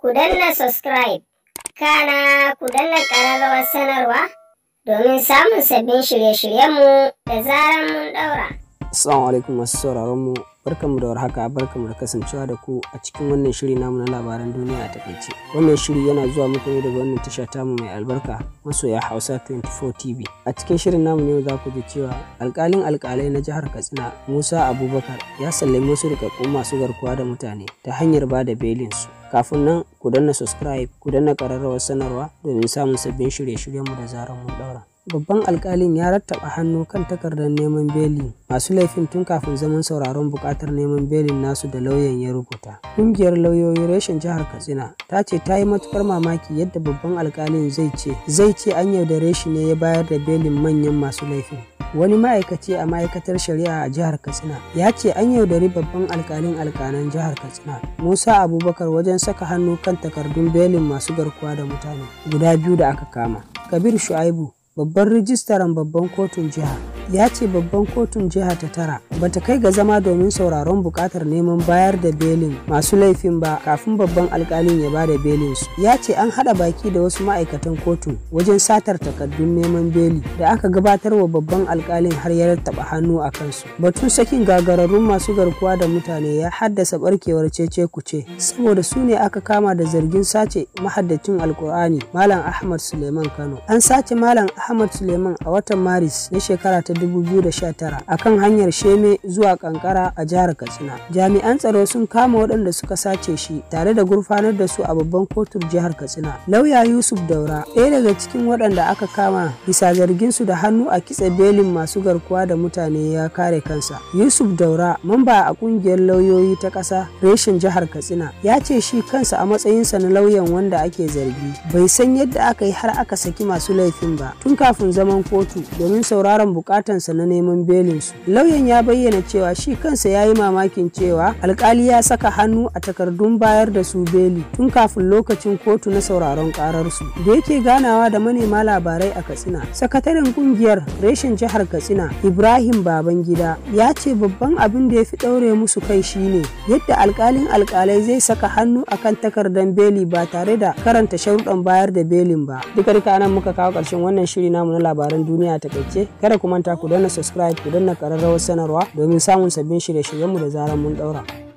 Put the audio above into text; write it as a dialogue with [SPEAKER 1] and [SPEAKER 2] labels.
[SPEAKER 1] ku subscribe kana ku danna ƙararrawar sanarwa domin samun sabbin shirye-shiryenmu da zarar mun ɗaura. Assalamu alaikum masu sauraron mu barkanmu da warhaka barkanmu da kasancewa da ku a cikin wannan shiri namu na labaran duniya a takaice. Wannan shiri yana zuwa muku ne daga wannan tasha tamu mai albarka masoya Hausa 24 TV. A cikin shirin namu ne za ku ji cewa alkalin alkalai na jihar Katsina Musa Abubakar ya sallami wasu rikakkun masu garkuwa da mutane ta hanyar ba da belinsu. Kafin nan ku danna subscribe ku danna ƙararrawar sanarwa domin samun sabbin shirye shiryen mu da zarar mun daura Babban alkalin ya rattaba hannu kan takardar neman beli masu laifin tun kafin zaman sauraron buƙatar neman belin nasu da lauyan ya rubuta. Ƙungiyar lauyoyi reshen jihar Katsina ta ce ta yi matukar mamaki yadda babban alkalin zai ce zai ce an yaudare shi ne ya bayar da belin manyan masu laifin. wani ma'aikaci a ma'aikatar shari'a a jihar katsina ya ce an yaudari babban alkalin alkanan jihar katsina musa abubakar wajen saka hannu kan takardun belin masu garkuwa da mutane guda biyu da aka kama kabir shu'aibu babban rijistaran babban kotun jiha ya ce babban kotun jiha ta tara Ba ta kai ga zama domin sauraron bukatar neman bayar da belin masu laifin ba kafin babban alkalin ya ba da belin su ya ce an hada baki da wasu ma'aikatan kotun wajen satar takardun neman beli da aka gabatar wa babban alkalin har ya taba hannu a kansu batun sakin gagararrun masu garkuwa da mutane ya haddasa barkewar cece kuce saboda su ne aka kama da zargin sace mahaddacin alkur'ani malam ahmad suleiman kano an sace malam ahmad suleiman a watan maris na shekara ta 2019 kan hanyar Sheme zuwa Kankara a jihar Katsina. Jami'an tsaro sun kama waɗanda suka sace shi tare da gurfanar da su a babban kotun jihar Katsina. Lauya Yusuf Daura, ɗaya daga cikin waɗanda aka kama bisa zargin su da hannu a kitse belin masu garkuwa da mutane ya kare kansa. Yusuf Daura, mamba a ƙungiyar lauyoyi ta ƙasa reshen jihar Katsina, ya ce shi kansa a matsayinsa na lauyan wanda ake zargi. Bai san yadda aka yi har aka saki masu laifin ba tun kafin zaman kotu domin sauraron bukatar bukatansa na neman belinsu lauyan ya bayyana cewa shi kansa ya yi mamakin cewa alkali ya saka hannu a takardun bayar da su beli tun kafin lokacin kotu na sauraron kararsu da yake ganawa da manema labarai a katsina sakataren kungiyar reshen jihar katsina ibrahim babangida ya ce babban abin da ya fi ɗaure musu kai shine yadda alkalin alkalai zai saka hannu akan takardar beli ba tare da karanta sharuɗan bayar da belin ba duka duka nan muka kawo ƙarshen wannan shiri namu na labaran duniya takaice kada ku manta ku danna subscribe ku danna ƙararrawar sanarwa domin samun sabbin shirye-shiryenmu da zarar mun ɗaura.